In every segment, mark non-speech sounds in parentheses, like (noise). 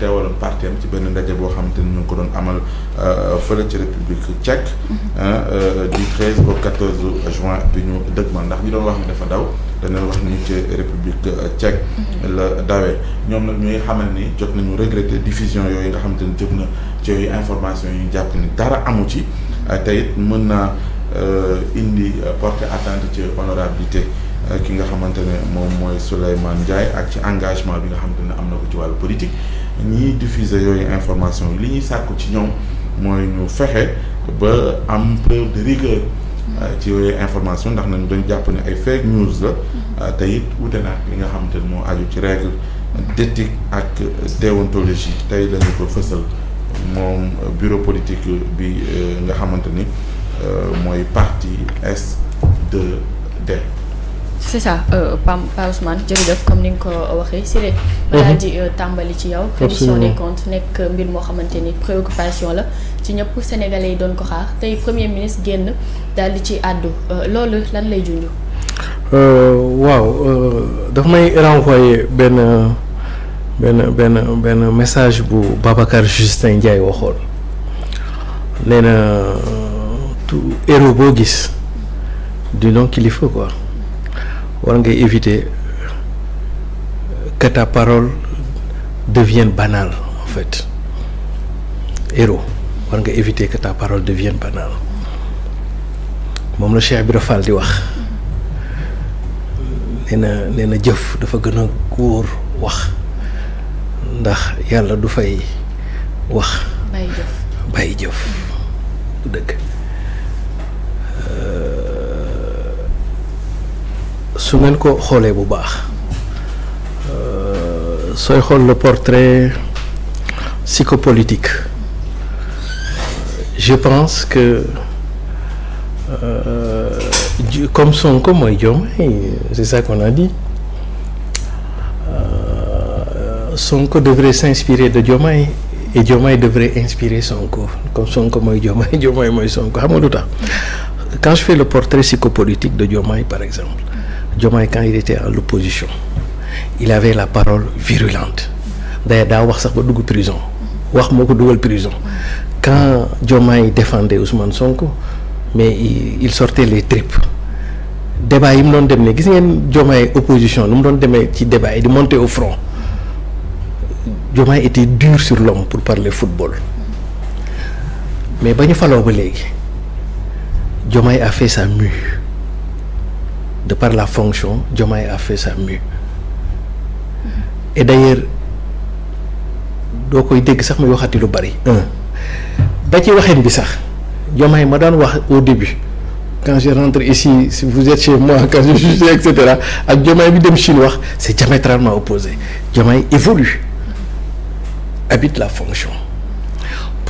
teewaloon parti am ci benn ndaje boo xamante ni ñu ngi ko doon amal euh, fële ci république tchèque mm-hmm. euh, du 13 au 14 juin bi ñu ma ndax ñu doon wax ni dafa daw dana wax ni ci république euh, tchèque mm-hmm. la dawee ñoom nag ñuy xamal ni jot nañu regretter diffusion yooyu nga xamante ni jot na ci yooyu information yi jàpp ni dara amu ci te it mën naa indi porter atteinte ci honorabilité ki nga xamante ne moom mooy Souleymane Ndiaye ak ci engagement bi nga xamante ne am na ko ci wàllu politique ñiy diffuser yooyu information li ñuy sàkku ci ñoom mooy ñu fexe ba am preuve de rigueur euh, ci yooyu information ndax nañu dañ jàpp ne ay fake news la mm-hmm. euh, tey it wute na li nga xamante ne moo aju ci règle d'éthique ak déontologie tey lañu ko fësal moom bureau politique bi euh, nga xamante ni mooy parti S2D c'est ça euh, Pam Pa Ousmane jërëjëf comme ni nga ko euh, waxee Siré balaa ji mhm. euh, tàmbali ci yow reddition des comptes nekk mbir moo xamante ni préoccupation la ci ñëpp sénégalais yi doon ko xaar tey premier ministre génn daal di ci àddu loolu lan lay junj waaw daf may renvoyer benn benn benn message bu Babacar Justin Ndiaye waxoon nee tout héros boo gis du kilifa quoi war ngay éviter que ta parole devienne banale en fait héros war nga éviter que ta parole devienne banale moom la Cheikh Ibra wax nee jëf dafa gën a góor wax ndax yàlla du fay wax bàyyi jëf bàyyi jëf su ngeen ko xoolee bu baax euh, sooy xool le portrait psychopolitique je pense que euh, comme Sonko mooy Diomaye c'est ça qu'on a dit euh, Sonko devrait s'inspirer de Diomaye et Diomaye devrait inspirer Sonko comme Sonko mooy Diomaye (laughs) Diomaye mooy Sonko xam nga lu tax quand je fais le portrait psychopolitique de Diomaye par exemple Diomaye quand il était à l'opposition il avait la parole virulente d'ailleurs daa wax sax ba dugg prison wax moo ko dugal prison quand Diomaye défendait Ousmane sonk mais il sorte les tripes débat yi mu doon dem ne gis ngeen Diomaye opposition nu mu doon demee ci débat yi di monter au front Diomaye était dur sur l'homme pour parler football mais ba ñu faloo ba léegi Diomaye a fait sa mue de par la fonction, Diomaye a fait sa mieux. Et d'ailleurs, doo koy dégg sax muy waxati lu bari. ba ci waxin bi sax Diomaye ma daan wax au début quand je rentre ici si vous êtes moi (laughs) quand je suis et ak Diomaye bi dem Chine wax c'est diamétralement opposé Diomaye évolue habite la fonction.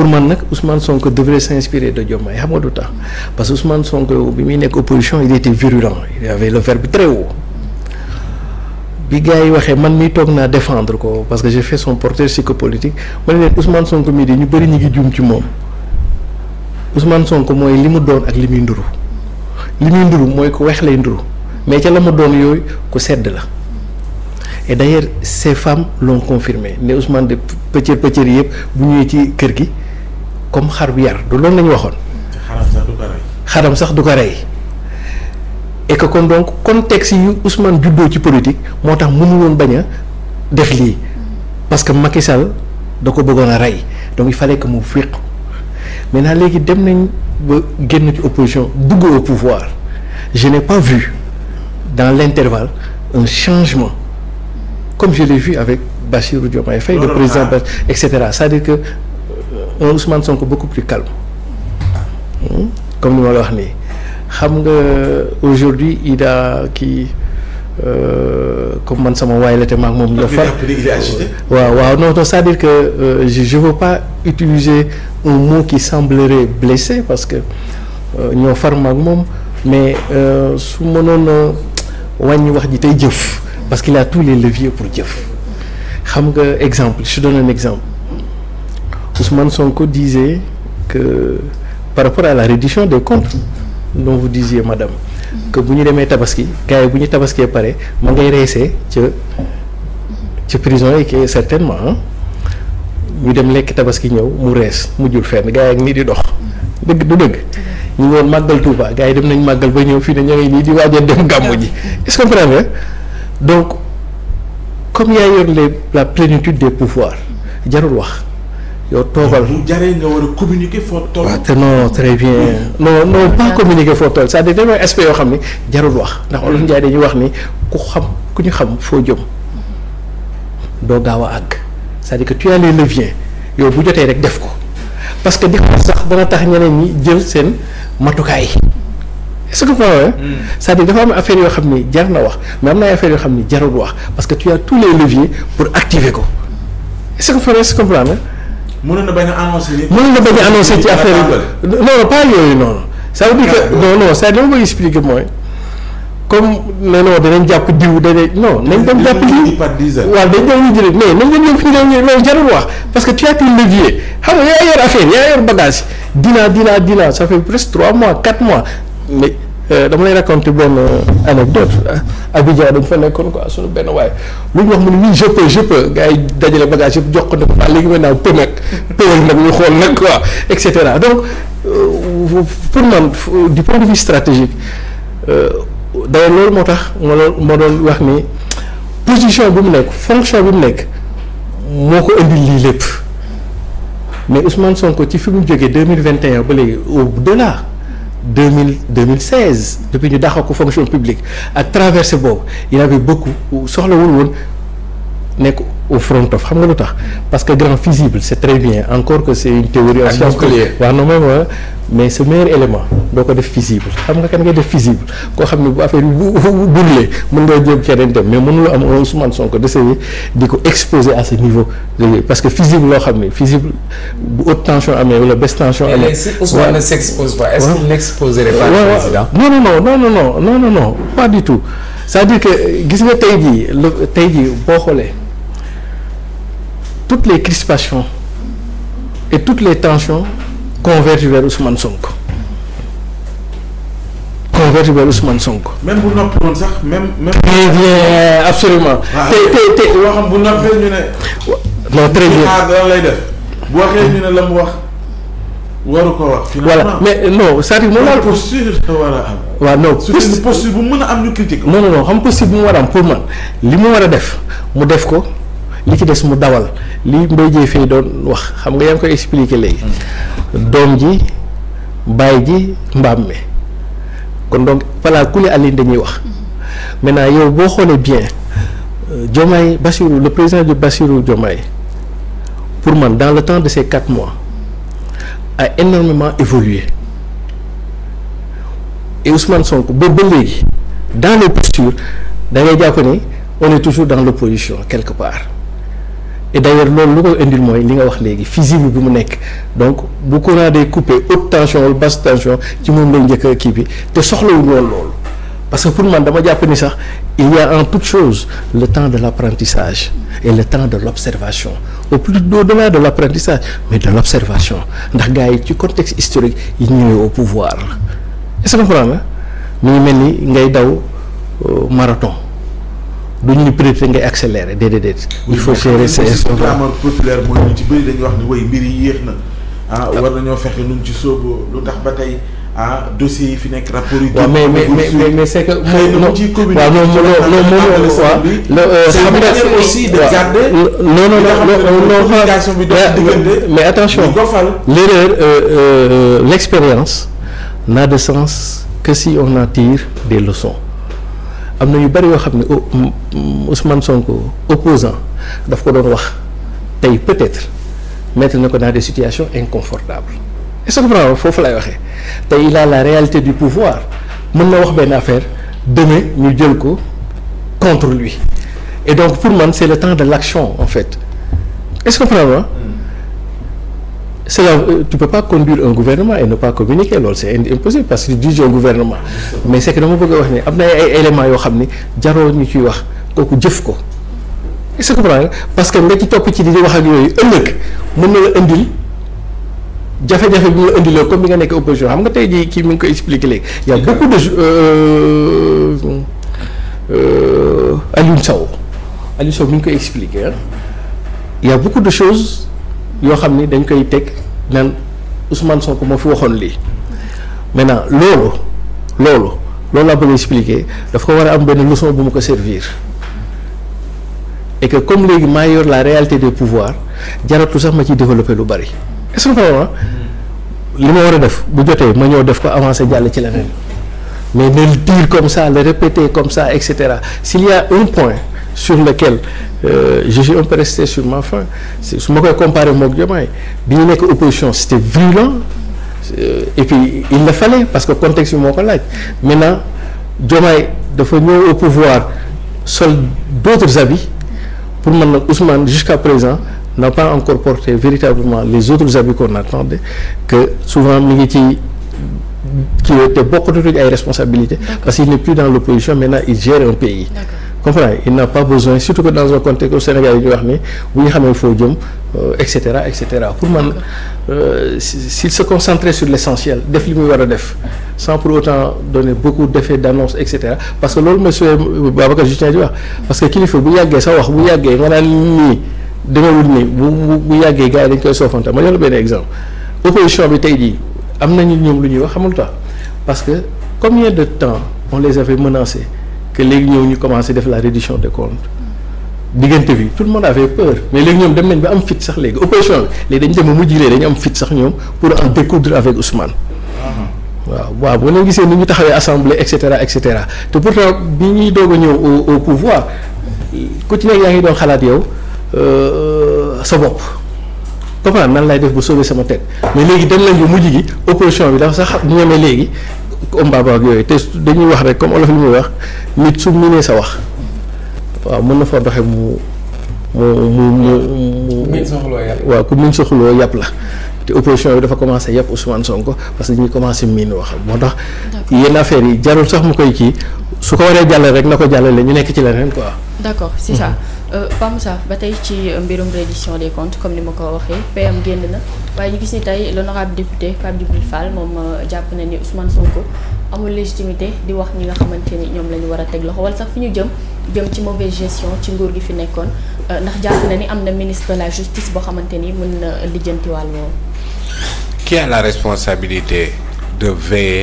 pour man nag Ousmane Sonko devrait s'inspirer de Diomaye xam nga du tax parce que Ousmane Sonko bi muy nekk opposition il était virulent il avait le verbe très haut bi gars yi waxee man mi toog naa defendre ko parce que son portrait psychopolitique ma ne leen Ousmane Sonko ñu bëri ñu ngi juum ci moom Ousmane mooy li mu doon ak li muy nduru li muy nduru mooy ko weex lay nduru mais ca la mu doon yooyu ku sedd la et d'ailleurs ces femmes l'ont confirmé ne Ousmane de pëcër pëcër yëpp bu ñëwee ci kër gi. comme xar bu yar du loolu la ñu waxoon. xaram sax du ko rey. xaram sax du ko et que kon donc si yu Ousmane juddoo ci politique moo tax mu woon bañ a def lii parce que Macky da ko bëggoon a rey donc il fa que mu fiq maintenant léegi dem nañ ba génn ci opposition dugg au pouvoir je n'ai pas vu dans l'intervalle un changement comme je l'ai vu avec Bassirou Diomaye Faye le président Bass et cetera cest à que un euh, Ousmane Sonko beaucoup plus calme hmm? comme ni ma la wax nii xam nga aujourd'hui il a kii euh, comme man sama waay la te maag moom. ñoo far ah, waaw waaw non non cest dire que euh, je veux pas utiliser un mot qui semblerait blessé parce que euh, ñoo far maag moom mais su mënoon wàññi wax ji tey jëf parce qu'il a tous les leviers pour jëf xam nga exemple je donne un exemple. Ousmane Sonko disait que par rapport à la reddition des comptes dont vous disiez madame que bu ñu demee tabaski gars bu ñu tabaskee pare ma ngay reesee ca ca prison yi que certainement ñu dem lekk tabaski ñëw mu rees mujjul fenn gars yi ak nii di dox dëgg du dëgg ñu ngi woon màggal Touba gars yi dem nañ màggal ba ñëw fii ne ña nii di waajal dem gàmmu ji est-ce que comprendre donc comme yaa yor les la plénitude des pouvoirs jarul wax yow toogal bu jaree nga war a communiquer foo toll. waaw te non très bien. non non pas communiquer foo toll c'est-à-dire dañoo aspect yoo xam ni jarul wax ndax olof Ndiaye dañuy wax ni ku xam ku ñu xam foo jëm doo gaaw a àgg cest dire que tu as les yow bu jotee rek def ko parce que di ko sax dana tax ñeneen ñi jël seen matukaay est-ce que vous hmm. dire dafa am affaire yoo xam ni jar na wax mais am na ay affaires yoo xam ni jarul wax parce que tu tous les leviers pour activer ko est-ce que vous mënoon na bañ a annoncé ci affaire yi non non pas yooyu noonu. ça veut dire ah, que non non ça li bëgg expliquer mooy comme nee na danañ jàpp diw dañuy non nañ dem jàpp diw waaw dañ doon ñu jëlee mais nañ dem fi ñu doon ñëw jarul wax parce que tu as tes leviers xam nga yaa yor affaire yaa yor bagage dinaa dinaa dinaa ça fait presque trois mois quatre mois Euh, dama lay raconter benn euh, anecdote Abidjan dañ fa nekkoon quoi suñu benn waaye lu ñu wax mu ne oui je peux je gars yi dajale bagage yëpp jox ko ne ko ah léegi maintenant peu nag peu xool nag quoi et cetera donc euh, pour man du loolu moo tax ma doon ma doon wax ni position bi mu nekk fonction bi mu nekk moo ko indil lii lépp mais Ousmane Sonko ci fi mu jógee deux mille vingt et ba léegi au delà. deux mille deux mille seize depuis ñu daxal ko fonction publique ak traversé boobu il y avait beaucoup soxlawul woon. nekk au front of xam nga lu tax parce que grand fusible c'est très bien encore que c'est une théorie en science waaw non moom wa euh, mais ce meilleur élément doo ko def fusible xam nga kan ngay def fusible koo xam ne bu affaire bi bu burlee mën nga jëm keneen dem mais mënuloo am un Ousmane Sonko d'essayer di ko exposer à ce niveau parce que fusible loo xam ne fusible bu haute tension amee wala baisse tension amee. mais si Ousmane ne s'expose pas est-ce qu'il n'exposerait pas le président non non non non non non non non pas du tout c'est-à-dire que gis nga tey jii la tey jii boo xoolee. toutes les crispations et toutes les tensions convergent vers Ousmane Sonko convergent vers Ousmane Sonko. même bu noppi woon sax même même. très bien absolument. Ah. te te te waxam bu noppee ñu non très bien ah, la mu wax. waru ko wax. voilà euh, non c'est-à-dire moom la. posture war a am. waaw non posture bu mën a am ñu critique. non non non xam posture bu mu war a am pour man li mu war a def mu def ko. li ci des mu dawal li Mbaye Dièye Faye doon wax xam nga yaa ngi koy expliquer léegi doom ji baay ji mbaam mi kon donc palaa ku li Aline dañuy wax maintenant yow boo xoolee bien euh, Diomaye Bassirou le président de Bassirou Diomaye pour man dans le temps de ces quatre mois a énormément évolué et Ousmane Sonko boobu ba léegi dans les postures da ngay jàpp ni on dans le dans l'opposition quelque part et d'ailleurs loolu lu ko indil mooy li nga wax léegi fusible bi mu nekk donc bu courant day coupé haute tension wala tension ci moom lay njëkk kii bi te soxlawul woon loolu parce que pour man dama jàpp ni sax il y en tout chose le temps de l'apprentissage et le temps de l'observation au plus au-delà de l'apprentissage mais de l'observation ndax gars yi ci contexte historique yi ñëwee au pouvoir est-ce que comprendre mi ngi mel ni ngay daw euh, marathon du ñu ni priorité ngay accéléré déedéet déedéet. il faut gérer sa clameur populaire mooy ñu ci bëri dañuy wax ni way mbir yi yéex na. ah, ah. war nañoo fexe nu ci sóoboo lu tax ba tey ah dossiers yi fi nekk rapport yi. waaw mais mais mais mais c'est que. xëy na mu ciy euh, de garder. non non non communication bi attention l'erreur euh, euh, l'expérience n'a de sens que si on en tire des leçons. am na ñu bëri yoo xam ne Ousmane Sonko opposant daf ko doon wax tey peut-être mettre na ko dans des situation inconfortables est-ce que vraiment foofu lay waxee tey il a la réalité du pouvoir mën na wax benn affaire demain ñu jël ko contre lui et donc pour man c'est le temps de l'action en fait est-ce que vraiment cela tu peux pas conduire un gouvernement et ne pas communiquer loolu c'est impossible parce que dirige un gouvernement mais c'est que dama bëgg a wax ne am na ay éléments yoo xam ne jaroo ñu ciy wax kooku jëf ko est-ce que parce que nga ci topp ci di wax ak yooyu ëllëg mën na la indil jafe-jafe bi mu la indiloo comme bi nga nekk opposition xam nga tey jii kii mi ngi koy expliquer léegi y a beaucoup de euh, euh, euh Aliou Sow Aliou yoo xam ni dañ koy teg naan Ousmane Sonko ma fi waxoon lii maintenant loolu loolu loolu laa bëgg expliquer daf ko war a am benn leçon bu mu ko servir et que comme léegi maa yor la réalité des pouvoir jaratu sax ma ciy développer lu bari est-ce que vraiment li ma war a def bu jotee ma ñëw def ko avancer jàll ci leneen mais ne dire comme ça le répéter comme ça et cetera s'il y a point. sur lequel euh, je suis un peu resté sur ma faim su ma koy comparer mook Diomaye bi ñu nekk opposition c'était virulent euh, et puis il le fallait parce que contexte bi moo ko laaj maintenant Diomaye dafa ñëw au pouvoir sol d'autres habits pour man nag Ousmane jusqu'à présent n'a pas encore porté véritablement les autres habits qu'on attendait que souvent mi ngi ci kii te bokkatuñ ay responsabilités parce qu'il n'est plus dans l'opposition maintenant il gère comprends il n'a pas besoin surtout que dans un contexte au Sénégal yi ñu wax ni bu ñu xamee foo jëm euh, et cetera et cetera pour man euh, si s'il se concentrait sur l'essentiel def li muy war a def sans pour autant donner beaucoup d'effets d'annonce et cetera parce que loolu monsieur Babacar Justin di wax parce que kilifa bu yàggee sa wax bu yàggee nga naan nii demewul nii bu bu yàggee gars yi dañ koy soofante ma jox la benn exemple opposition bi tey jii am nañu ñoom lu ñuy wax xamul tax parce que combien de temps on les avait menacés que léegi ñëw ñu commencé def la reddition des comptes diggante bi tout le monde avait mais léegi ñoom dem nañ am fit sax léegi opposition bi léegi dañ dem ba mujj léegi dañu am fit sax ñoom pour en découdre avec Ousmane. Uh-huh. waaw waaw boo leen gisee ni ñu taxawee assemblée et cetera et cetera te pourtant bi ñuy doog ñëw au pouvoir ku yaa ngi doon xalaat yow euh, sa bopp. comprendre nan lay def ba sauver sama tête mais léegi dem nañ ba mujj gi opposition bi dafa sax ñeme léegi ombaaba ak yooyu te dañuy wax rek comme olof li muy wax nit su mënee sa wax waaw mën na fa doxee mu mu mu mu mu waaw ku miin soxloo yàpp la te opposition bi dafa commencé yàpp Ousmane sonk parce que dañuy commencé miin wax moo tax yenn affaires yi jarul sax mu koy kii su ko waree jàllale rek na ko jàllale ñu nekk ci leneen quoi. d'accord c'est Euh, Pape Moussa ba tey ci euh, mbirum reddition des comptes comme ni ma ko waxee p PM génn na waaye ñu gis ni tey l'honorable député Pape Djibril Fall moom euh, jàpp na ni Ousmane Sonko amul légitimité di wax ñi nga xamante ni ñoom la ñu war a teg loxo wala sax fi ñu jëm jëm ci mauvaise gestion ci nguur gi fi nekkoon ndax jàpp na ni am na ministre de la justice boo xamante ni mën na lijjanti wàll woowu. Qui a la responsabilité de veiller